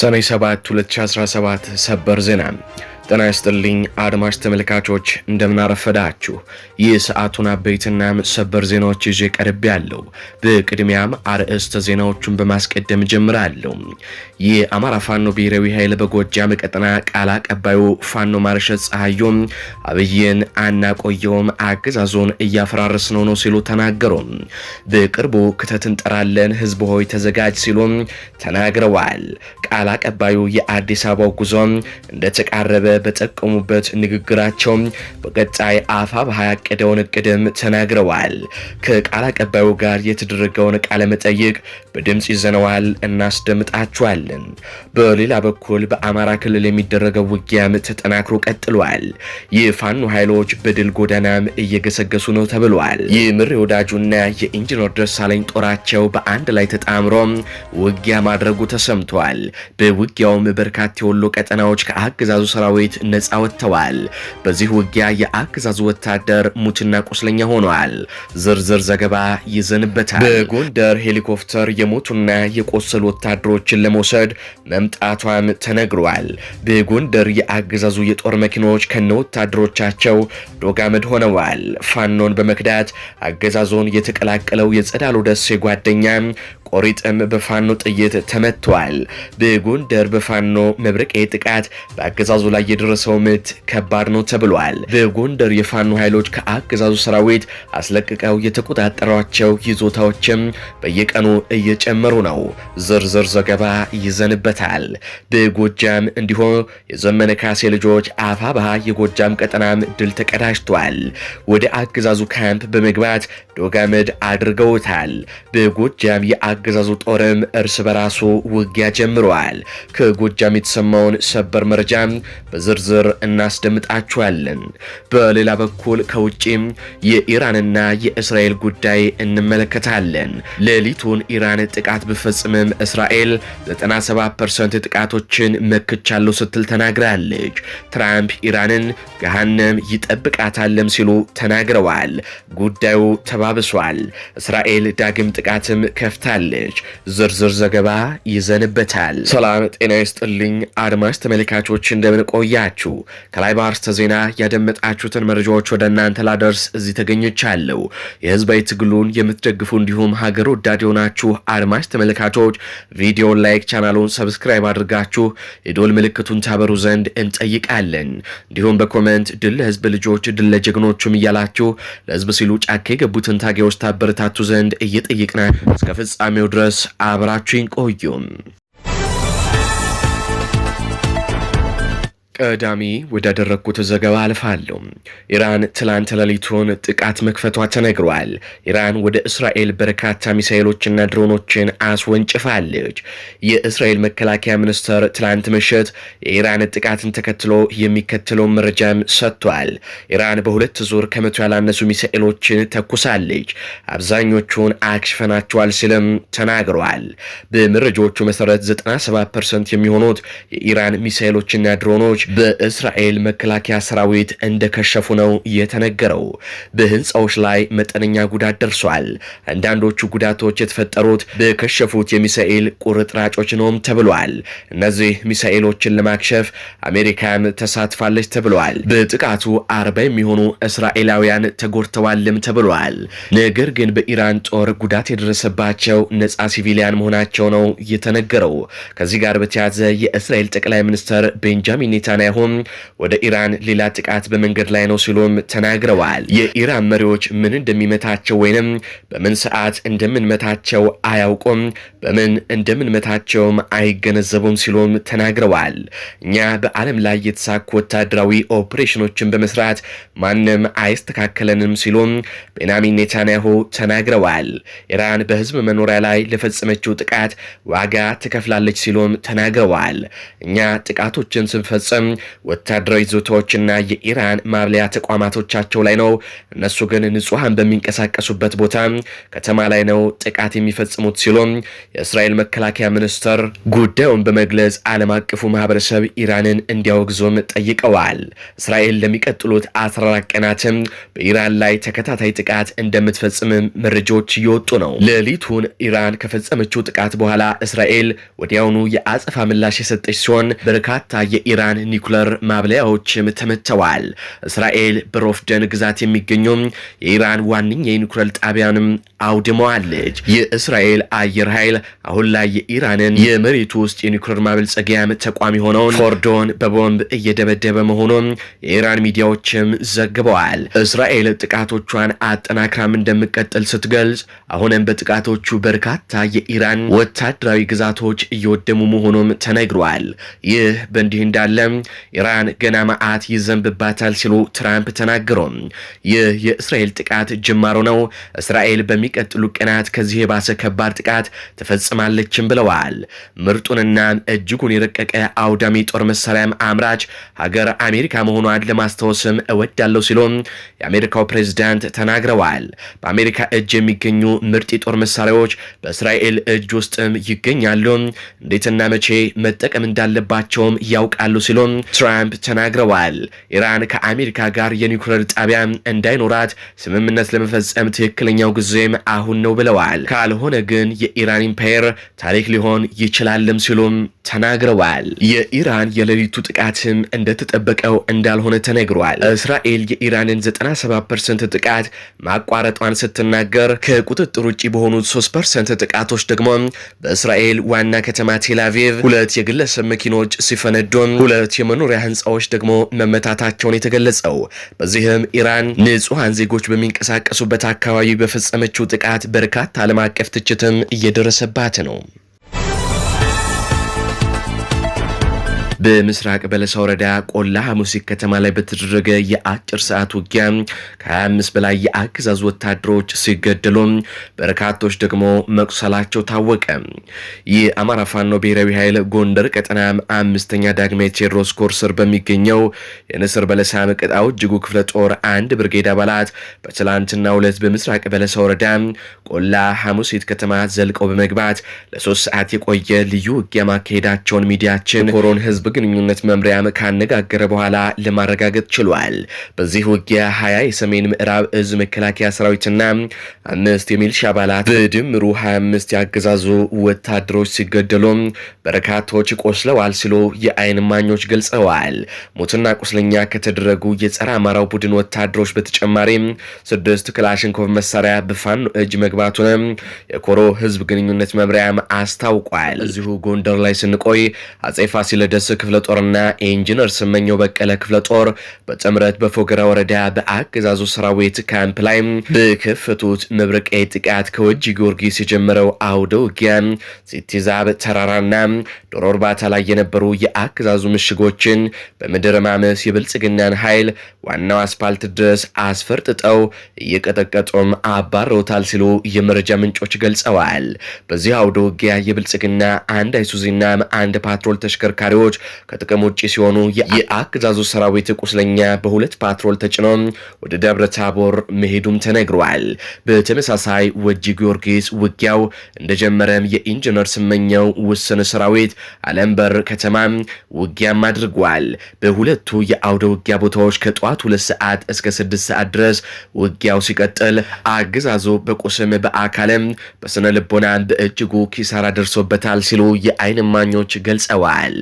ሰኔ 7 2017 ሰበር ዜና ጤና ይስጥልኝ አድማጭ ተመልካቾች እንደምናረፈዳችሁ። ይህ ሰዓቱን አበይትና ሰበር ዜናዎች ይዤ ቀርብ ያለው። በቅድሚያም አርዕስተ ዜናዎቹን በማስቀደም ጀምራለሁ። የአማራ ፋኖ ብሔራዊ ኃይል በጎጃም ቀጠና ቃል አቀባዩ ፋኖ ማርሸት ፀሐዮም አብይን አናቆየውም፣ አገዛዞን እያፈራረስ ነው ነው ሲሉ ተናገሩ። በቅርቡ ክተት እንጠራለን ህዝብ ሆይ ተዘጋጅ ሲሉም ተናግረዋል። ቃል አቀባዩ የአዲስ አበባው ጉዞ እንደተቃረበ በጠቀሙበት ንግግራቸው በቀጣይ አፋ በሀ ያቀደውን እቅድም ተናግረዋል። ከቃል አቀባዩ ጋር የተደረገውን ቃለ መጠይቅ በድምፅ ይዘነዋል፣ እናስደምጣችኋለን። በሌላ በኩል በአማራ ክልል የሚደረገው ውጊያም ተጠናክሮ ቀጥሏል። የፋኖ ኃይሎች በድል ጎዳናም እየገሰገሱ ነው ተብሏል። የምር ወዳጁና የኢንጂነር ደሳለኝ ጦራቸው በአንድ ላይ ተጣምሮ ውጊያ ማድረጉ ተሰምቷል። በውጊያውም በርካታ የወሎ ቀጠናዎች ከአገዛዙ ሰራዊት ሌሊት ነፃ ወጥተዋል። በዚህ ውጊያ የአገዛዙ ወታደር ሙትና ቁስለኛ ሆኗል። ዝርዝር ዘገባ ይዘንበታል። በጎንደር ሄሊኮፕተር የሞቱና የቆሰሉ ወታደሮችን ለመውሰድ መምጣቷም ተነግሯል። በጎንደር የአገዛዙ የጦር መኪኖች ከነ ወታደሮቻቸው ዶጋመድ ሆነዋል። ፋኖን በመክዳት አገዛዞን የተቀላቀለው የጸዳሉ ደሴ ጓደኛ ቆሪጥም በፋኖ ጥይት ተመቷል። በጎንደር በፋኖ መብረቄ ጥቃት በአገዛዙ ላይ የደረሰው ምት ከባድ ነው ተብሏል። በጎንደር የፋኖ ኃይሎች ከአገዛዙ ሰራዊት አስለቅቀው የተቆጣጠሯቸው ይዞታዎችም በየቀኑ እየጨመሩ ነው። ዝርዝር ዘገባ ይዘንበታል። በጎጃም እንዲሁም የዘመነ ካሴ ልጆች አፋባ የጎጃም ቀጠናም ድል ተቀዳጅቷል። ወደ አገዛዙ ካምፕ በመግባት ባዶ ገመድ አድርገውታል። በጎጃም የአገዛዙ ጦርም እርስ በራሱ ውጊያ ጀምረዋል። ከጎጃም የተሰማውን ሰበር መረጃም በዝርዝር እናስደምጣችኋለን። በሌላ በኩል ከውጭም የኢራንና የእስራኤል ጉዳይ እንመለከታለን። ሌሊቱን ኢራን ጥቃት ብፈጽምም እስራኤል 97% ጥቃቶችን መክቻለሁ ስትል ተናግራለች። ትራምፕ ኢራንን ገሃነም ይጠብቃታለም ሲሉ ተናግረዋል። ጉዳዩ ተባ ተባብሷል። እስራኤል ዳግም ጥቃትም ከፍታለች። ዝርዝር ዘገባ ይዘንበታል። ሰላም ጤና ይስጥልኝ አድማጭ ተመልካቾች፣ እንደምንቆያችሁ ከላይ በአርስተ ዜና ያደመጣችሁትን መረጃዎች ወደ እናንተ ላደርስ እዚህ ተገኝቻለሁ። የህዝባዊ ትግሉን የምትደግፉ እንዲሁም ሀገር ወዳድ የሆናችሁ አድማጭ ተመልካቾች ቪዲዮን ላይክ፣ ቻናሉን ሰብስክራይብ አድርጋችሁ የዶል ምልክቱን ታበሩ ዘንድ እንጠይቃለን። እንዲሁም በኮመንት ድል ለህዝብ ልጆች፣ ድል ለጀግኖቹም እያላችሁ ለህዝብ ሲሉ ጫካ የገቡትን ታጋዮች ታበረታቱ ዘንድ እየጠየቅና እስከ ፍጻሜው ድረስ አብራችሁን ቆዩ። ቀዳሚ ወዳደረግኩት ዘገባ አልፋለሁ። ኢራን ትላንት ሌሊቱን ጥቃት መክፈቷ ተነግሯል። ኢራን ወደ እስራኤል በርካታ ሚሳኤሎችና ድሮኖችን አስወንጭፋለች። የእስራኤል መከላከያ ሚኒስትር ትላንት ምሽት የኢራን ጥቃትን ተከትሎ የሚከተለውን መረጃም ሰጥቷል። ኢራን በሁለት ዙር ከመቶ ያላነሱ ሚሳኤሎችን ተኩሳለች። አብዛኞቹን አክሽፈናቸዋል ሲልም ተናግረዋል። በመረጃዎቹ መሰረት 97 ፐርሰንት የሚሆኑት የኢራን ሚሳኤሎችና ድሮኖች በእስራኤል መከላከያ ሰራዊት እንደከሸፉ ነው የተነገረው። በህንፃዎች ላይ መጠነኛ ጉዳት ደርሷል። አንዳንዶቹ ጉዳቶች የተፈጠሩት በከሸፉት የሚሳኤል ቁርጥራጮች ነውም ተብሏል። እነዚህ ሚሳኤሎችን ለማክሸፍ አሜሪካን ተሳትፋለች ተብሏል። በጥቃቱ አርባ የሚሆኑ እስራኤላውያን ተጎድተዋልም ተብሏል። ነገር ግን በኢራን ጦር ጉዳት የደረሰባቸው ነፃ ሲቪሊያን መሆናቸው ነው የተነገረው። ከዚህ ጋር በተያያዘ የእስራኤል ጠቅላይ ሚኒስትር ቤንጃሚን ኔታን ኔታንያሁ ወደ ኢራን ሌላ ጥቃት በመንገድ ላይ ነው ሲሉም ተናግረዋል። የኢራን መሪዎች ምን እንደሚመታቸው ወይንም በምን ሰዓት እንደምንመታቸው አያውቁም፣ በምን እንደምንመታቸውም አይገነዘቡም ሲሉም ተናግረዋል። እኛ በዓለም ላይ የተሳኩ ወታደራዊ ኦፕሬሽኖችን በመስራት ማንም አይስተካከለንም ሲሉም ቤንያሚን ኔታንያሁ ተናግረዋል። ኢራን በህዝብ መኖሪያ ላይ ለፈጸመችው ጥቃት ዋጋ ትከፍላለች ሲሉም ተናግረዋል። እኛ ጥቃቶችን ስንፈጽም ወታደራዊ ዞታዎችና የኢራን ማብለያ ተቋማቶቻቸው ላይ ነው። እነሱ ግን ንጹሐን በሚንቀሳቀሱበት ቦታ ከተማ ላይ ነው ጥቃት የሚፈጽሙት ሲሉ የእስራኤል መከላከያ ሚኒስትር ጉዳዩን በመግለጽ ዓለም አቀፉ ማህበረሰብ ኢራንን እንዲያወግዙም ጠይቀዋል። እስራኤል ለሚቀጥሉት 14 ቀናትም በኢራን ላይ ተከታታይ ጥቃት እንደምትፈጽምም መረጃዎች እየወጡ ነው። ሌሊቱን ኢራን ከፈጸመችው ጥቃት በኋላ እስራኤል ወዲያውኑ የአጸፋ ምላሽ የሰጠች ሲሆን በርካታ የኢራን ኒኩለር ማብለያዎችም ተመተዋል። እስራኤል በሮፍደን ግዛት የሚገኘው የኢራን ዋነኛ የኒኩለር ጣቢያንም አውድመዋለች። የእስራኤል አየር ኃይል አሁን ላይ የኢራንን የመሬቱ ውስጥ የኒኩለር ማበልጸጊያም ተቋም የሆነውን ፎርዶን በቦምብ እየደበደበ መሆኑን የኢራን ሚዲያዎችም ዘግበዋል። እስራኤል ጥቃቶቿን አጠናክራም እንደምቀጥል ስትገልጽ አሁንም በጥቃቶቹ በርካታ የኢራን ወታደራዊ ግዛቶች እየወደሙ መሆኑም ተነግሯል። ይህ በእንዲህ እንዳለም ኢራን ገና መዓት ይዘንብባታል ሲሉ ትራምፕ ተናገሩ። ይህ የእስራኤል ጥቃት ጅማሮ ነው። እስራኤል በሚቀጥሉ ቀናት ከዚህ የባሰ ከባድ ጥቃት ትፈጽማለችም ብለዋል። ምርጡንና እጅጉን የረቀቀ አውዳሚ ጦር መሳሪያም አምራች ሀገር አሜሪካ መሆኗን ለማስታወስም እወዳለሁ ሲሉ የአሜሪካው ፕሬዚዳንት ተናግረዋል። በአሜሪካ እጅ የሚገኙ ምርጥ የጦር መሳሪያዎች በእስራኤል እጅ ውስጥም ይገኛሉ። እንዴትና መቼ መጠቀም እንዳለባቸውም ያውቃሉ ሲሉ። ሲሆን ትራምፕ ተናግረዋል። ኢራን ከአሜሪካ ጋር የኒውክሌር ጣቢያ እንዳይኖራት ስምምነት ለመፈጸም ትክክለኛው ጊዜም አሁን ነው ብለዋል። ካልሆነ ግን የኢራን ኢምፓየር ታሪክ ሊሆን ይችላልም ሲሉም ተናግረዋል። የኢራን የሌሊቱ ጥቃትም እንደተጠበቀው እንዳልሆነ ተነግሯል። እስራኤል የኢራንን 97 ፐርሰንት ጥቃት ማቋረጧን ስትናገር ከቁጥጥር ውጭ በሆኑት 3 ፐርሰንት ጥቃቶች ደግሞ በእስራኤል ዋና ከተማ ቴላቪቭ ሁለት የግለሰብ መኪኖች ሲፈነዱም ሁለት የመኖሪያ ህንፃዎች ደግሞ መመታታቸውን የተገለጸው። በዚህም ኢራን ንጹሐን ዜጎች በሚንቀሳቀሱበት አካባቢ በፈጸመችው ጥቃት በርካታ ዓለም አቀፍ ትችትም እየደረሰባት ነው። በምስራቅ በለሳ ወረዳ ቆላ ሐሙሲት ከተማ ላይ በተደረገ የአጭር ሰዓት ውጊያ ከ25 በላይ የአገዛዙ ወታደሮች ሲገደሉ በርካቶች ደግሞ መቁሰላቸው ታወቀ። የአማራ ፋኖ ብሔራዊ ኃይል ጎንደር ቀጠና አምስተኛ ዳግማዊ ቴዎድሮስ ኮር ስር በሚገኘው የንስር በለሳ መቀጣው እጅጉ ክፍለ ጦር አንድ ብርጌድ አባላት በትላንትና ሁለት በምስራቅ በለሳ ወረዳ ቆላ ሐሙሲት ከተማ ዘልቀው በመግባት ለሶስት ሰዓት የቆየ ልዩ ውጊያ ማካሄዳቸውን ሚዲያችን ኮሮን ህዝብ በግንኙነት መምሪያም ካነጋገረ በኋላ ለማረጋገጥ ችሏል። በዚህ ውጊያ ሀያ የሰሜን ምዕራብ እዝ መከላከያ ሰራዊትና አምስት የሚልሻ አባላት በድምሩ 25 ያገዛዙ ወታደሮች ሲገደሉ በርካቶች ቆስለዋል ሲሉ የአይን ማኞች ገልጸዋል። ሞትና ቁስለኛ ከተደረጉ የጸረ አማራው ቡድን ወታደሮች በተጨማሪም ስድስት ክላሽንኮቭ መሳሪያ በፋኖ እጅ መግባቱን የኮሮ ህዝብ ግንኙነት መምሪያም አስታውቋል። እዚሁ ጎንደር ላይ ስንቆይ አጼ ፋሲለደስ ክፍለ ጦርና ኢንጂነር ስመኘው በቀለ ክፍለ ጦር በጥምረት በፎገራ ወረዳ በአገዛዙ ሰራዊት ካምፕ ላይ በከፈቱት መብረቃ ጥቃት ከወጂ ጊዮርጊስ የጀመረው አውደ ውጊያ ሲቲዛብ ተራራና ዶሮ እርባታ ላይ የነበሩ የአገዛዙ ምሽጎችን በምድር ማመስ የብልጽግናን ኃይል ዋናው አስፓልት ድረስ አስፈርጥጠው እየቀጠቀጡም አባረውታል ሲሉ የመረጃ ምንጮች ገልጸዋል። በዚህ አውደ ውጊያ የብልጽግና አንድ አይሱዚና አንድ ፓትሮል ተሽከርካሪዎች ከጥቅም ውጭ ሲሆኑ የአገዛዙ ሰራዊት ቁስለኛ በሁለት ፓትሮል ተጭኖ ወደ ደብረ ታቦር መሄዱም ተነግሯል። በተመሳሳይ ወጂ ጊዮርጊስ ውጊያው እንደጀመረም የኢንጂነር ስመኛው ውስን ሰራዊት አለምበር ከተማ ውጊያም አድርጓል። በሁለቱ የአውደ ውጊያ ቦታዎች ከጠዋት ሁለት ሰዓት እስከ ስድስት ሰዓት ድረስ ውጊያው ሲቀጥል አገዛዙ በቁስም በአካልም በስነ ልቦና በእጅጉ ኪሳራ ደርሶበታል ሲሉ የአይን ማኞች ገልጸዋል።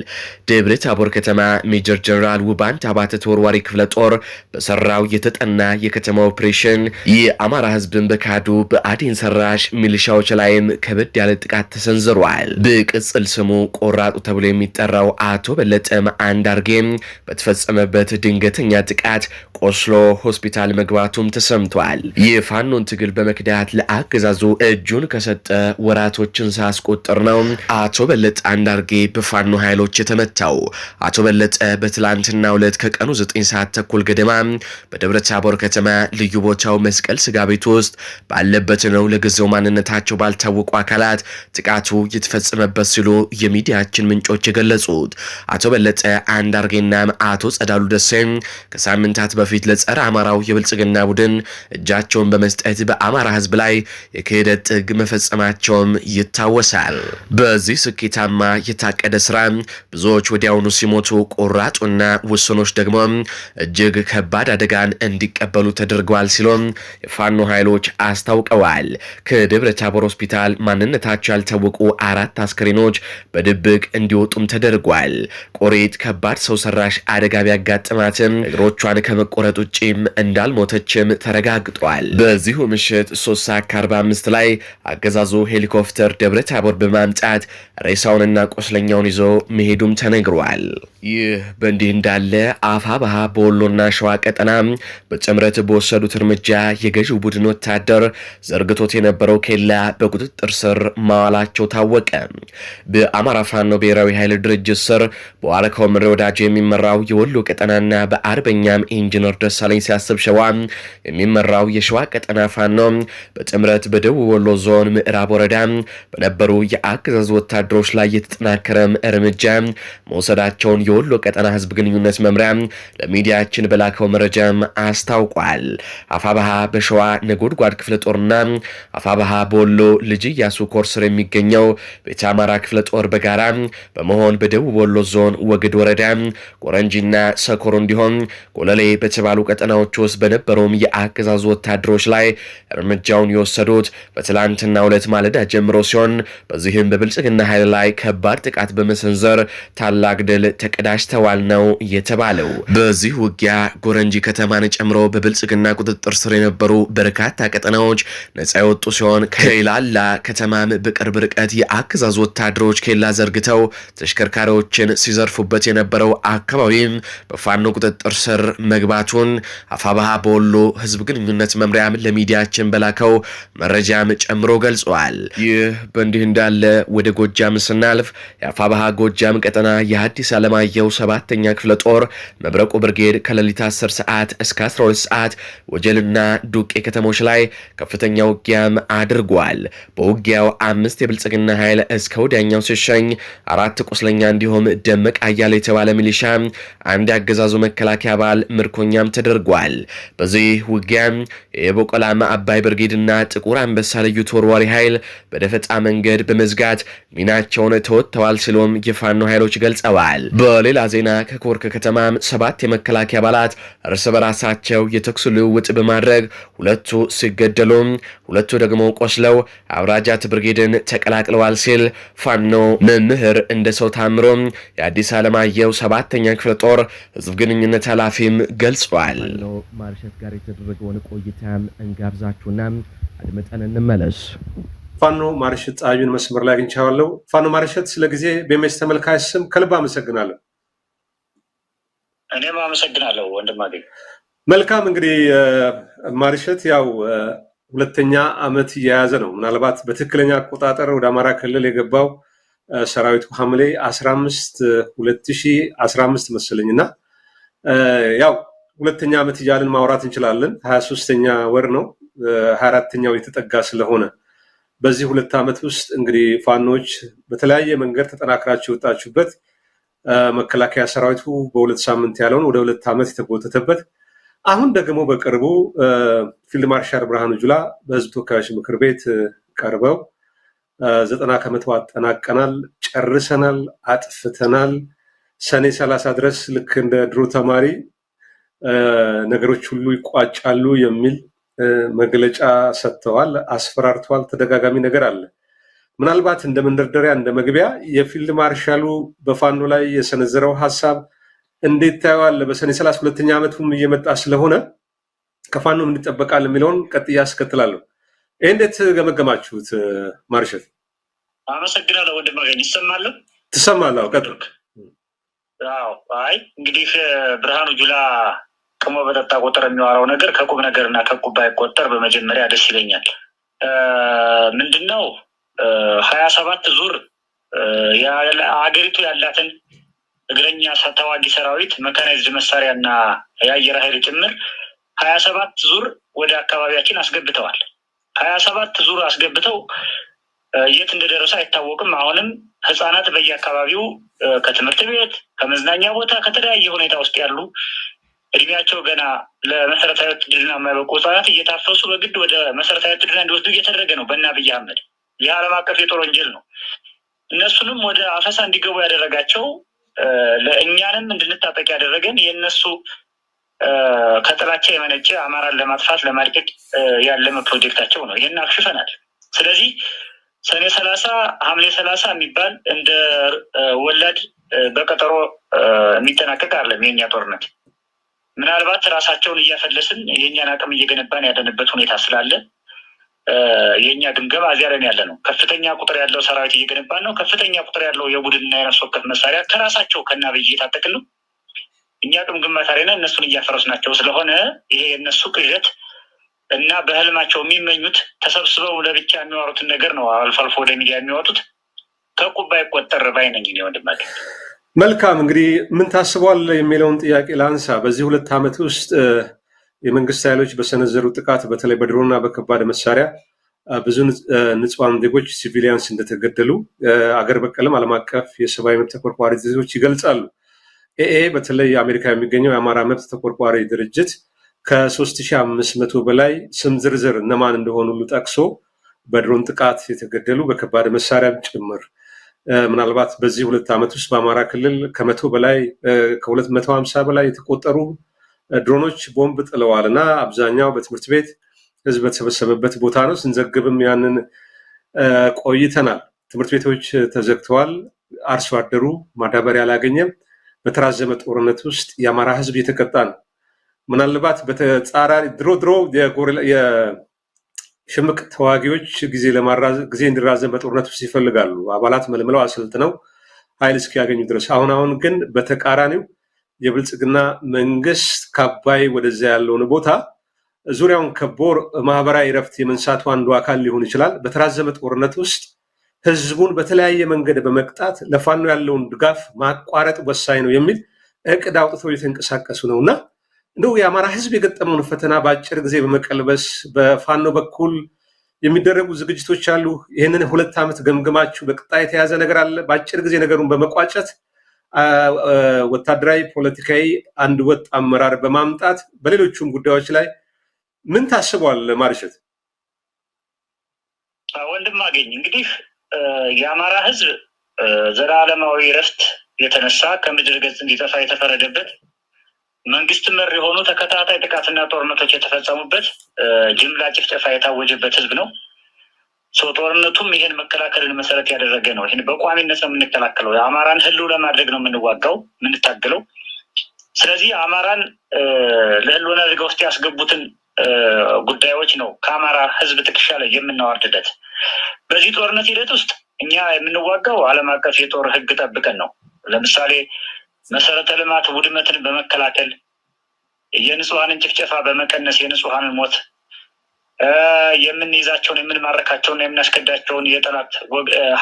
በብረታቦር ከተማ ሜጀር ጀነራል ውባንት አባተ ተወርዋሪ ክፍለ ጦር በሰራው የተጠና የከተማ ኦፕሬሽን የአማራ ህዝብን በካዱ በአዴን ሰራሽ ሚሊሻዎች ላይም ከበድ ያለ ጥቃት ተሰንዝሯል። በቅጽል ስሙ ቆራጡ ተብሎ የሚጠራው አቶ በለጠ አንድ አርጌም በተፈጸመበት ድንገተኛ ጥቃት ቆስሎ ሆስፒታል መግባቱም ተሰምቷል። የፋኖን ትግል በመክዳት ለአገዛዙ እጁን ከሰጠ ወራቶችን ሳያስቆጥር ነው አቶ በለጠ አንዳርጌ በፋኖ ኃይሎች የተመታው። ነው። አቶ በለጠ በትላንትና ሁለት ከቀኑ 9 ሰዓት ተኩል ገደማ በደብረ ታቦር ከተማ ልዩ ቦታው መስቀል ስጋ ቤት ውስጥ ባለበት ነው ለጊዜው ማንነታቸው ባልታወቁ አካላት ጥቃቱ የተፈጸመበት ሲሉ የሚዲያችን ምንጮች የገለጹት አቶ በለጠ አርጌና አቶ ጸዳሉ ደሴም ከሳምንታት በፊት ለጸረ አማራው የብልጽግና ቡድን እጃቸውን በመስጠት በአማራ ህዝብ ላይ የክህደት ጥግ መፈጸማቸውም ይታወሳል። በዚህ ስኬታማ የታቀደ ስራ ብዙዎች ወዲያውኑ ሲሞቱ፣ ቆራጡና ውስኖች ደግሞ እጅግ ከባድ አደጋን እንዲቀበሉ ተደርገዋል ሲሎም የፋኖ ኃይሎች አስታውቀዋል። ከደብረ ታቦር ሆስፒታል ማንነታቸው ያልታወቁ አራት አስክሬኖች በድብቅ እንዲወጡም ተደርጓል። ቆሬት ከባድ ሰው ሰራሽ አደጋ ቢያጋጥማትም እግሮቿን ከመቆረጥ ውጪም እንዳልሞተችም ተረጋግጧል። በዚሁ ምሽት 3 ሰዓት ከ45 ላይ አገዛዙ ሄሊኮፕተር ደብረ ታቦር በማምጣት ሬሳውንና ቆስለኛውን ይዞ መሄዱም ተነግሯል። ተናግረዋል። ይህ በእንዲህ እንዳለ አፋብሃ በወሎና ሸዋ ቀጠና በጥምረት በወሰዱት እርምጃ የገዢው ቡድን ወታደር ዘርግቶት የነበረው ኬላ በቁጥጥር ስር ማዋላቸው ታወቀ። በአማራ ፋኖ ብሔራዊ ኃይል ድርጅት ስር በዋልካው ምሬ ወዳጅ የሚመራው የወሎ ቀጠናና በአርበኛም ኢንጂነር ደሳለኝ ሲያስብ ሸዋ የሚመራው የሸዋ ቀጠና ፋኖ በጥምረት በደቡብ ወሎ ዞን ምዕራብ ወረዳ በነበሩ የአገዛዙ ወታደሮች ላይ የተጠናከረም እርምጃ መውሰዳቸውን የወሎ ቀጠና ህዝብ ግንኙነት መምሪያ ለሚዲያችን በላከው መረጃም አስታውቋል። አፋባሃ በሸዋ ነጎድጓድ ክፍለ ጦርና አፋባሃ በወሎ ልጅ ኢያሱ ኮር ስር የሚገኘው ቤተ አማራ ክፍለ ጦር በጋራ በመሆን በደቡብ ወሎ ዞን ወግድ ወረዳ ቆረንጂና ሰኮሮ እንዲሆን ጎለሌ በተባሉ ቀጠናዎች ውስጥ በነበረውም የአገዛዙ ወታደሮች ላይ እርምጃውን የወሰዱት በትላንትና ሁለት ማለዳ ጀምሮ ሲሆን በዚህም በብልጽግና ኃይል ላይ ከባድ ጥቃት በመሰንዘር ታላ ታላቅ ድል ተቀዳጅተዋል ነው የተባለው። በዚህ ውጊያ ጎረንጂ ከተማን ጨምሮ በብልጽግና ቁጥጥር ስር የነበሩ በርካታ ቀጠናዎች ነጻ የወጡ ሲሆን ከኢላላ ከተማም በቅርብ ርቀት የአገዛዙ ወታደሮች ኬላ ዘርግተው ተሽከርካሪዎችን ሲዘርፉበት የነበረው አካባቢም በፋኖ ቁጥጥር ስር መግባቱን አፋባሃ በወሎ ህዝብ ግንኙነት መምሪያም ለሚዲያችን በላከው መረጃም ጨምሮ ገልጿል። ይህ በእንዲህ እንዳለ ወደ ጎጃም ስናልፍ የአፋባሃ ጎጃም ቀጠና የሐዲስ ዓለማየሁ ሰባተኛ ክፍለ ጦር መብረቁ ብርጌድ ከሌሊት 10 ሰዓት እስከ 12 ሰዓት ወጀልና ዱቄ ከተሞች ላይ ከፍተኛ ውጊያም አድርጓል። በውጊያው አምስት የብልጽግና ኃይል እስከ ወዲያኛው ሲሸኝ፣ አራት ቁስለኛ እንዲሁም ደመቅ አያለ የተባለ ሚሊሻ፣ አንድ የአገዛዙ መከላከያ አባል ምርኮኛም ተደርጓል። በዚህ ውጊያም የቦቆላማ አባይ ብርጌድና ጥቁር አንበሳ ልዩ ተወርዋሪ ኃይል በደፈጣ መንገድ በመዝጋት ሚናቸውን ተወጥተዋል ሲሉም የፋኖ ኃይሎች ገልጸዋል። ገልጸዋል። በሌላ ዜና ከኮርክ ከተማም ሰባት የመከላከያ አባላት እርስ በራሳቸው የተኩስ ልውውጥ በማድረግ ሁለቱ ሲገደሉ ሁለቱ ደግሞ ቆስለው አብራጃት ብርጌድን ተቀላቅለዋል ሲል ፋኖ መምህር እንደ ሰው ታምሮ የአዲስ አለማየሁ ሰባተኛ ክፍለ ጦር ህዝብ ግንኙነት ኃላፊም ገልጸዋል። ማርሸት ጋር የተደረገውን ቆይታ እንጋብዛችሁና አድመጠን እንመለስ። ፋኖ ማርሸት ፀሐዩን መስመር ላይ አግኝቻለሁ። ፋኖ ማርሸት ስለ ጊዜ በኤምኤስ ተመልካች ስም ከልብ አመሰግናለሁ። እኔም አመሰግናለሁ ወንድማገኝ። መልካም እንግዲህ ማርሸት ያው ሁለተኛ አመት እየያዘ ነው። ምናልባት በትክክለኛ አቆጣጠር ወደ አማራ ክልል የገባው ሰራዊቱ ሐምሌ 15 2015 ሁለት መሰለኝ እና ያው ሁለተኛ ዓመት እያልን ማውራት እንችላለን። 23 23ኛ ወር ነው 24ኛው የተጠጋ ስለሆነ በዚህ ሁለት ዓመት ውስጥ እንግዲህ ፋኖች በተለያየ መንገድ ተጠናክራችሁ የወጣችሁበት መከላከያ ሰራዊቱ በሁለት ሳምንት ያለውን ወደ ሁለት ዓመት የተጎተተበት አሁን ደግሞ በቅርቡ ፊልድ ማርሻል ብርሃኑ ጁላ በህዝብ ተወካዮች ምክር ቤት ቀርበው ዘጠና ከመቶ አጠናቀናል፣ ጨርሰናል፣ አጥፍተናል፣ ሰኔ ሰላሳ ድረስ ልክ እንደ ድሮ ተማሪ ነገሮች ሁሉ ይቋጫሉ የሚል መግለጫ ሰጥተዋል፣ አስፈራርተዋል። ተደጋጋሚ ነገር አለ። ምናልባት እንደ መንደርደሪያ እንደ መግቢያ የፊልድ ማርሻሉ በፋኖ ላይ የሰነዘረው ሀሳብ እንዴት ታየዋለ? በሰኔ ሰላሳ ሁለተኛ ዓመቱም እየመጣ ስለሆነ ከፋኖ ምን ይጠበቃል የሚለውን ቀጥያ አስከትላለሁ። ይህ እንዴት ገመገማችሁት? ማርሸል? አመሰግናለሁ። ወንድማገኝ ይሰማለሁ፣ ትሰማለሁ። ቀጥል። አይ እንግዲህ ብርሃኑ ጁላ ቅሞ በጠጣ ቁጥር የሚዋራው ነገር ከቁም ነገርና ከቁብ ባይቆጠር በመጀመሪያ ደስ ይለኛል። ምንድን ነው ሀያ ሰባት ዙር አገሪቱ ያላትን እግረኛ ተዋጊ ሰራዊት መካናይዝድ መሳሪያና የአየር ኃይል ጭምር ሀያ ሰባት ዙር ወደ አካባቢያችን አስገብተዋል። ሀያ ሰባት ዙር አስገብተው የት እንደደረሰ አይታወቅም። አሁንም ህጻናት በየአካባቢው ከትምህርት ቤት፣ ከመዝናኛ ቦታ፣ ከተለያየ ሁኔታ ውስጥ ያሉ እድሜያቸው ገና ለመሰረታዊ ውትድርና የማይበቁ ህጻናት እየታፈሱ በግድ ወደ መሰረታዊ ውትድርና እንዲወስዱ እየተደረገ ነው በእነ አብይ አህመድ። ይህ ዓለም አቀፍ የጦር ወንጀል ነው። እነሱንም ወደ አፈሳ እንዲገቡ ያደረጋቸው ለእኛንም እንድንታጠቅ ያደረገን የእነሱ ከጥላቻ የመነጨ አማራን ለማጥፋት ለማድቀቅ ያለመ ፕሮጀክታቸው ነው። ይህን አክሽፈናል። ስለዚህ ሰኔ ሰላሳ ሐምሌ ሰላሳ የሚባል እንደ ወላድ በቀጠሮ የሚጠናቀቅ አይደለም የእኛ ጦርነት ምናልባት ራሳቸውን እያፈለስን የእኛን አቅም እየገነባን ያለንበት ሁኔታ ስላለ የእኛ ግምገማ እዚያ ላይ ያለ ነው። ከፍተኛ ቁጥር ያለው ሰራዊት እየገነባን ነው። ከፍተኛ ቁጥር ያለው የቡድንና የነፍስ ወከፍ መሳሪያ ከራሳቸው ከናብይ እየታጠቅን ነው። እኛ አቅም ግንባታ ላይ እነሱን ናቸው። ስለሆነ ይሄ የእነሱ ቅዠት እና በህልማቸው የሚመኙት ተሰብስበው ለብቻ የሚዋሩትን ነገር ነው አልፎ አልፎ ወደ ሚዲያ የሚወጡት ከቁባ ይቆጠር ባይነኝ ወንድማገኝ መልካም እንግዲህ ምን ታስቧል የሚለውን ጥያቄ ለአንሳ በዚህ ሁለት ዓመት ውስጥ የመንግስት ኃይሎች በሰነዘሩ ጥቃት በተለይ በድሮና በከባድ መሳሪያ ብዙ ንጹሐን ዜጎች ሲቪሊያንስ እንደተገደሉ አገር በቀልም ዓለም አቀፍ የሰብአዊ መብት ተቆርቋሪ ድርጅቶች ይገልጻሉ። ኤኤ በተለይ አሜሪካ የሚገኘው የአማራ መብት ተቆርቋሪ ድርጅት ከ3500 በላይ ስም ዝርዝር እነማን እንደሆኑ ሁሉ ጠቅሶ በድሮን ጥቃት የተገደሉ በከባድ መሳሪያም ጭምር ምናልባት በዚህ ሁለት ዓመት ውስጥ በአማራ ክልል ከመቶ በላይ ከሁለት መቶ ሀምሳ በላይ የተቆጠሩ ድሮኖች ቦምብ ጥለዋል እና አብዛኛው በትምህርት ቤት ህዝብ በተሰበሰበበት ቦታ ነው። ስንዘግብም ያንን ቆይተናል። ትምህርት ቤቶች ተዘግተዋል። አርሶ አደሩ ማዳበሪያ አላገኘም። በተራዘመ ጦርነት ውስጥ የአማራ ህዝብ እየተቀጣ ነው። ምናልባት በተጻራሪ ድሮ ድሮ ሽምቅ ተዋጊዎች ጊዜ ጊዜ እንዲራዘም በጦርነት ውስጥ ይፈልጋሉ። አባላት መልምለው አሰልጥነው ኃይል እስኪያገኙ ድረስ። አሁን አሁን ግን በተቃራኒው የብልጽግና መንግስት ከአባይ ወደዚያ ያለውን ቦታ ዙሪያውን ከቦር ማህበራዊ እረፍት የመንሳቱ አንዱ አካል ሊሆን ይችላል። በተራዘመ ጦርነት ውስጥ ህዝቡን በተለያየ መንገድ በመቅጣት ለፋኖ ያለውን ድጋፍ ማቋረጥ ወሳኝ ነው የሚል እቅድ አውጥተው እየተንቀሳቀሱ ነው እና እንደው የአማራ ህዝብ የገጠመውን ፈተና በአጭር ጊዜ በመቀልበስ በፋኖ በኩል የሚደረጉ ዝግጅቶች አሉ። ይህንን ሁለት ዓመት ገምግማችሁ በቅጣ የተያዘ ነገር አለ። በአጭር ጊዜ ነገሩን በመቋጨት ወታደራዊ፣ ፖለቲካዊ አንድ ወጥ አመራር በማምጣት በሌሎቹም ጉዳዮች ላይ ምን ታስቧል? ማርሸት ወንድም አገኝ እንግዲህ የአማራ ህዝብ ዘላለማዊ እረፍት የተነሳ ከምድር ገጽ እንዲጠፋ የተፈረደበት መንግስት መር የሆኑ ተከታታይ ጥቃትና ጦርነቶች የተፈጸሙበት ጅምላ ጭፍጨፋ የታወጀበት ህዝብ ነው። ጦርነቱም ይህን መከላከልን መሰረት ያደረገ ነው። ይህን በቋሚነት ነው የምንከላከለው። የአማራን ህልው ለማድረግ ነው የምንዋጋው የምንታገለው። ስለዚህ አማራን ለህልውና አደጋ ውስጥ ያስገቡትን ጉዳዮች ነው ከአማራ ህዝብ ትከሻ ላይ የምናዋርድበት። በዚህ ጦርነት ሂደት ውስጥ እኛ የምንዋጋው ዓለም አቀፍ የጦር ህግ ጠብቀን ነው። ለምሳሌ መሰረተ ልማት ውድመትን በመከላከል የንጹሐንን ጭፍጨፋ በመቀነስ የንጹሐንን ሞት የምንይዛቸውን የምንማረካቸውን የምናስከዳቸውን የጠላት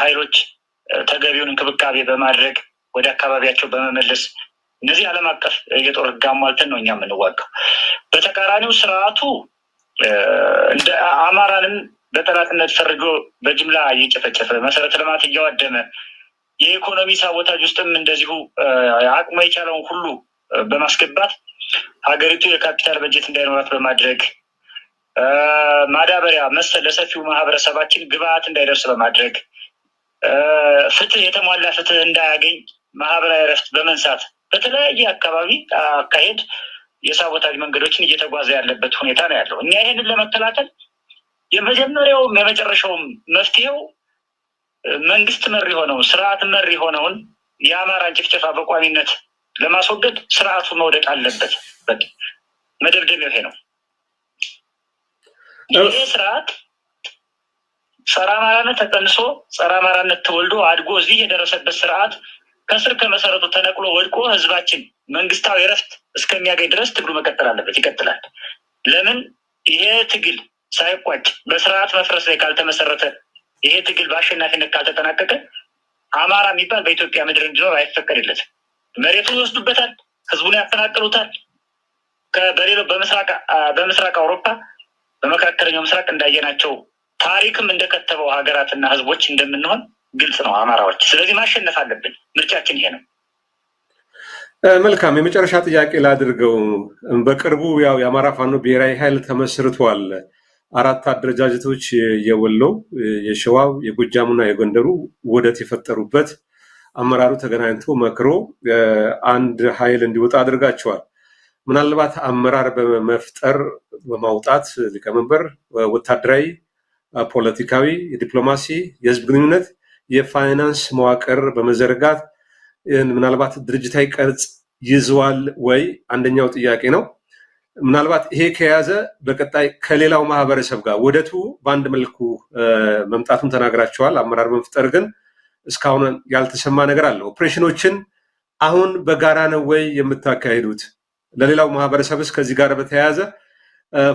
ኃይሎች ተገቢውን እንክብካቤ በማድረግ ወደ አካባቢያቸው በመመለስ እነዚህ ዓለም አቀፍ የጦር ሕግ አሟልተን ነው እኛ የምንዋጋው። በተቃራኒው ስርዓቱ እንደ አማራንም በጠላትነት ፈርጆ በጅምላ እየጨፈጨፈ መሰረተ ልማት እያዋደመ የኢኮኖሚ ሳቦታጅ ውስጥም እንደዚሁ አቅሙ የቻለውን ሁሉ በማስገባት ሀገሪቱ የካፒታል በጀት እንዳይኖራት በማድረግ ማዳበሪያ መሰል ለሰፊው ማህበረሰባችን ግብአት እንዳይደርስ በማድረግ ፍትህ የተሟላ ፍትህ እንዳያገኝ ማህበራዊ እረፍት በመንሳት በተለያየ አካባቢ አካሄድ የሳቦታጅ መንገዶችን እየተጓዘ ያለበት ሁኔታ ነው ያለው። እኛ ይህንን ለመከላከል የመጀመሪያውም የመጨረሻውም መፍትሄው መንግስት መር የሆነውን ስርዓት መር የሆነውን የአማራን ጭፍጨፋ በቋሚነት ለማስወገድ ስርዓቱ መውደቅ አለበት። መደምደሚያው ይሄ ነው። ይህ ስርዓት ጸረ አማራነት ተቀንሶ ጸረ አማራነት ተወልዶ አድጎ እዚህ የደረሰበት ስርዓት ከስር ከመሰረቱ ተነቅሎ ወድቆ ህዝባችን መንግስታዊ እረፍት እስከሚያገኝ ድረስ ትግሉ መቀጠል አለበት። ይቀጥላል። ለምን ይሄ ትግል ሳይቋጭ በስርዓት መፍረስ ላይ ካልተመሰረተ ይሄ ትግል በአሸናፊነት ካልተጠናቀቀ አማራ የሚባል በኢትዮጵያ ምድር እንዲኖር አይፈቀድለትም። መሬቱን ይወስዱበታል፣ ህዝቡን ያፈናቅሉታል። በምስራቅ አውሮፓ በመካከለኛው ምስራቅ እንዳየናቸው ታሪክም እንደከተበው ሀገራትና ህዝቦች እንደምንሆን ግልጽ ነው አማራዎች። ስለዚህ ማሸነፍ አለብን። ምርጫችን ይሄ ነው። መልካም የመጨረሻ ጥያቄ ላድርገው። በቅርቡ ያው የአማራ ፋኖ ብሔራዊ ኃይል ተመስርቷል። አራት አደረጃጀቶች የወሎው፣ የሸዋው፣ የጎጃሙና የጎንደሩ ውህደት የፈጠሩበት አመራሩ ተገናኝቶ መክሮ አንድ ኃይል እንዲወጣ አድርጋቸዋል። ምናልባት አመራር በመፍጠር በማውጣት ሊቀመንበር፣ ወታደራዊ፣ ፖለቲካዊ፣ የዲፕሎማሲ፣ የህዝብ ግንኙነት፣ የፋይናንስ መዋቅር በመዘርጋት ምናልባት ድርጅታዊ ቅርጽ ይዘዋል ወይ? አንደኛው ጥያቄ ነው። ምናልባት ይሄ ከያዘ በቀጣይ ከሌላው ማህበረሰብ ጋር ወደቱ በአንድ መልኩ መምጣቱን ተናግራቸዋል። አመራር መፍጠር ግን እስካሁን ያልተሰማ ነገር አለ። ኦፕሬሽኖችን አሁን በጋራ ነው ወይ የምታካሂዱት? ለሌላው ማህበረሰብስ ከዚህ ጋር በተያያዘ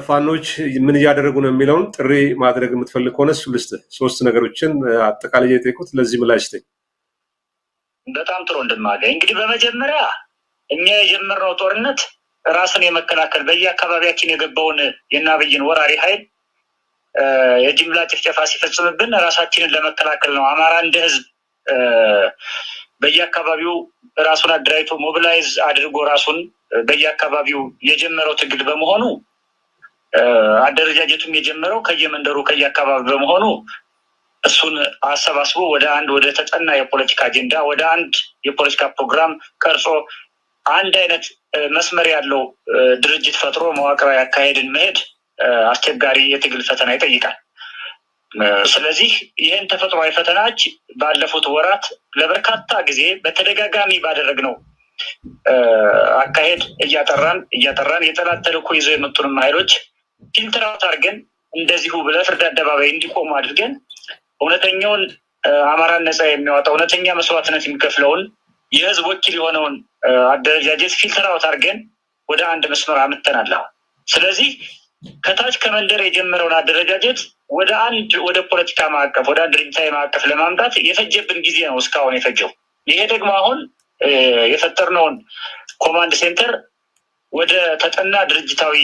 ፋኖች ምን እያደረጉ ነው የሚለውን ጥሪ ማድረግ የምትፈልግ ከሆነ እሱ ልስጥ። ሶስት ነገሮችን አጠቃላይ የጠየቁት ለዚህ ምላሽ ስጠኝ። በጣም ጥሩ እንድማገኝ እንግዲህ በመጀመሪያ እኛ የጀመርነው ጦርነት ራስን የመከላከል በየአካባቢያችን የገባውን የናብይን ወራሪ ኃይል የጅምላ ጭፍጨፋ ሲፈጽምብን ራሳችንን ለመከላከል ነው። አማራ እንደ ህዝብ በየአካባቢው ራሱን አደራጅቶ ሞቢላይዝ አድርጎ ራሱን በየአካባቢው የጀመረው ትግል በመሆኑ አደረጃጀቱም የጀመረው ከየመንደሩ ከየአካባቢ በመሆኑ እሱን አሰባስቦ ወደ አንድ ወደ ተጠና የፖለቲካ አጀንዳ ወደ አንድ የፖለቲካ ፕሮግራም ቀርጾ አንድ አይነት መስመር ያለው ድርጅት ፈጥሮ መዋቅራዊ አካሄድን መሄድ አስቸጋሪ የትግል ፈተና ይጠይቃል። ስለዚህ ይህን ተፈጥሯዊ ፈተናዎች ባለፉት ወራት ለበርካታ ጊዜ በተደጋጋሚ ባደረግነው አካሄድ እያጠራን እያጠራን የጠላት ተልዕኮ ይዘው የመጡንም ኃይሎች ፊልተር አድርገን እንደዚሁ ለፍርድ አደባባይ እንዲቆሙ አድርገን እውነተኛውን አማራን ነፃ የሚያወጣ እውነተኛ መስዋዕትነት የሚከፍለውን የህዝብ ወኪል የሆነውን አደረጃጀት ፊልተር አውት አድርገን ወደ አንድ መስመር አምጥተናል። ስለዚህ ከታች ከመንደር የጀመረውን አደረጃጀት ወደ አንድ ወደ ፖለቲካ ማዕቀፍ ወደ አንድ ድርጅታዊ ማዕቀፍ ለማምጣት የፈጀብን ጊዜ ነው እስካሁን የፈጀው። ይሄ ደግሞ አሁን የፈጠርነውን ኮማንድ ሴንተር ወደ ተጠና ድርጅታዊ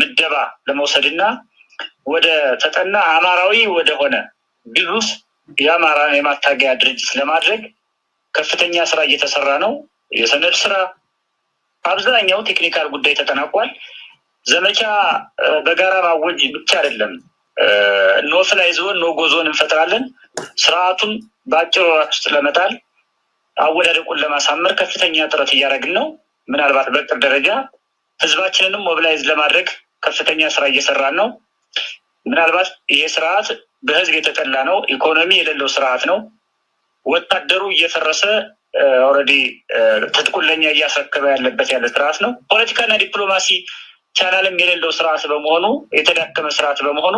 ምደባ ለመውሰድ እና ወደ ተጠና አማራዊ ወደሆነ ግዙፍ የአማራ የማታገያ ድርጅት ለማድረግ ከፍተኛ ስራ እየተሰራ ነው። የሰነድ ስራ አብዛኛው ቴክኒካል ጉዳይ ተጠናቋል። ዘመቻ በጋራ ማወጅ ብቻ አይደለም። ኖ ፍላይ ዞን ኖ ጎ ዞን እንፈጥራለን። ስርዓቱን በአጭር ወራት ውስጥ ለመጣል አወዳደቁን ለማሳመር ከፍተኛ ጥረት እያደረግን ነው። ምናልባት በቅር ደረጃ ህዝባችንንም ሞብላይዝ ለማድረግ ከፍተኛ ስራ እየሰራን ነው። ምናልባት ይሄ ስርዓት በህዝብ የተጠላ ነው። ኢኮኖሚ የሌለው ስርዓት ነው። ወታደሩ እየፈረሰ ኦልሬዲ ትጥቁን ለኛ እያስረከበ ያለበት ያለ ስርዓት ነው። ፖለቲካና ዲፕሎማሲ ቻናልም የሌለው ስርዓት በመሆኑ የተዳከመ ስርዓት በመሆኑ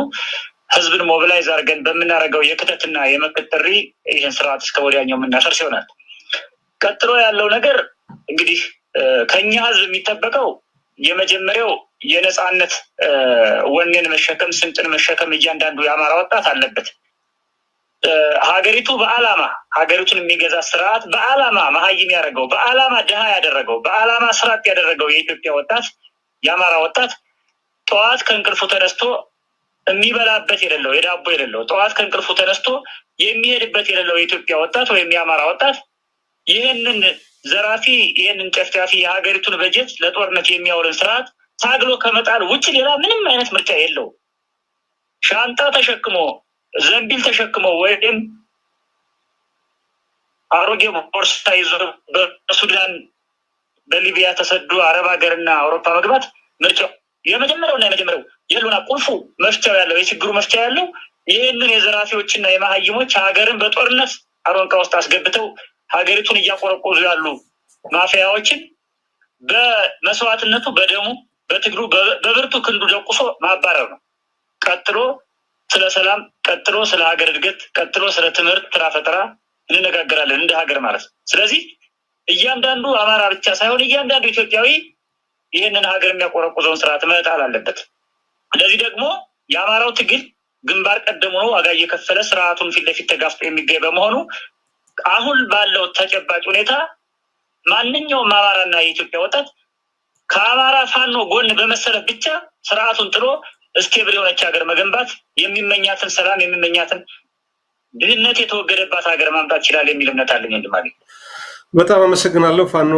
ህዝብን ሞቢላይዝ አድርገን በምናደርገው የክተትና የመክት ጥሪ ይህን ስርዓት እስከ ወዲያኛው የምናፈርስ ይሆናል። ቀጥሎ ያለው ነገር እንግዲህ ከኛ ህዝብ የሚጠበቀው የመጀመሪያው የነፃነት ወኔን መሸከም ስንጥን መሸከም እያንዳንዱ የአማራ ወጣት አለበት። ሀገሪቱ በአላማ ሀገሪቱን የሚገዛ ስርዓት በአላማ መሀይም ያደረገው በአላማ ድሃ ያደረገው በአላማ ስርዓት ያደረገው የኢትዮጵያ ወጣት የአማራ ወጣት ጠዋት ከእንቅልፉ ተነስቶ የሚበላበት የሌለው የዳቦ የሌለው ጠዋት ከእንቅልፉ ተነስቶ የሚሄድበት የሌለው የኢትዮጵያ ወጣት ወይም የአማራ ወጣት ይህንን ዘራፊ ይህንን ጨፍጫፊ የሀገሪቱን በጀት ለጦርነት የሚያውልን ስርዓት ታግሎ ከመጣል ውጭ ሌላ ምንም አይነት ምርጫ የለው። ሻንጣ ተሸክሞ ዘንቢል ተሸክመው ወይም አሮጌ ቦርሳ ይዞ በሱዳን በሊቢያ ተሰዶ አረብ ሀገርና አውሮፓ መግባት ምርጫው የመጀመሪያውና የመጀመሪያው የሉና ቁልፉ መፍቻው ያለው የችግሩ መፍቻ ያለው ይህንን የዘራፊዎችና የመሀይሞች ሀገርን በጦርነት አሮንቃ ውስጥ አስገብተው ሀገሪቱን እያቆረቆዙ ያሉ ማፊያዎችን በመስዋዕትነቱ በደሙ በትግሉ በብርቱ ክንዱ ደቁሶ ማባረር ነው። ቀጥሎ ስለ ሰላም፣ ቀጥሎ ስለ ሀገር እድገት፣ ቀጥሎ ስለ ትምህርት ስራ ፈጠራ እንነጋገራለን እንደ ሀገር ማለት ነው። ስለዚህ እያንዳንዱ አማራ ብቻ ሳይሆን እያንዳንዱ ኢትዮጵያዊ ይህንን ሀገር የሚያቆረቁዘውን ስርዓት መጣል አለበት። ለዚህ ደግሞ የአማራው ትግል ግንባር ቀደም ሆኖ ዋጋ እየከፈለ ስርዓቱን ፊት ለፊት ተጋፍጦ የሚገኝ በመሆኑ አሁን ባለው ተጨባጭ ሁኔታ ማንኛውም አማራና የኢትዮጵያ ወጣት ከአማራ ፋኖ ጎን በመሰለፍ ብቻ ስርዓቱን ጥሎ እስኪ ብር የሆነች ሀገር መገንባት የሚመኛትን ሰላም የሚመኛትን ድህነት የተወገደባት ሀገር ማምጣት ይችላል የሚል እምነት አለኝ። ወንድማለኝ በጣም አመሰግናለሁ ፋኖ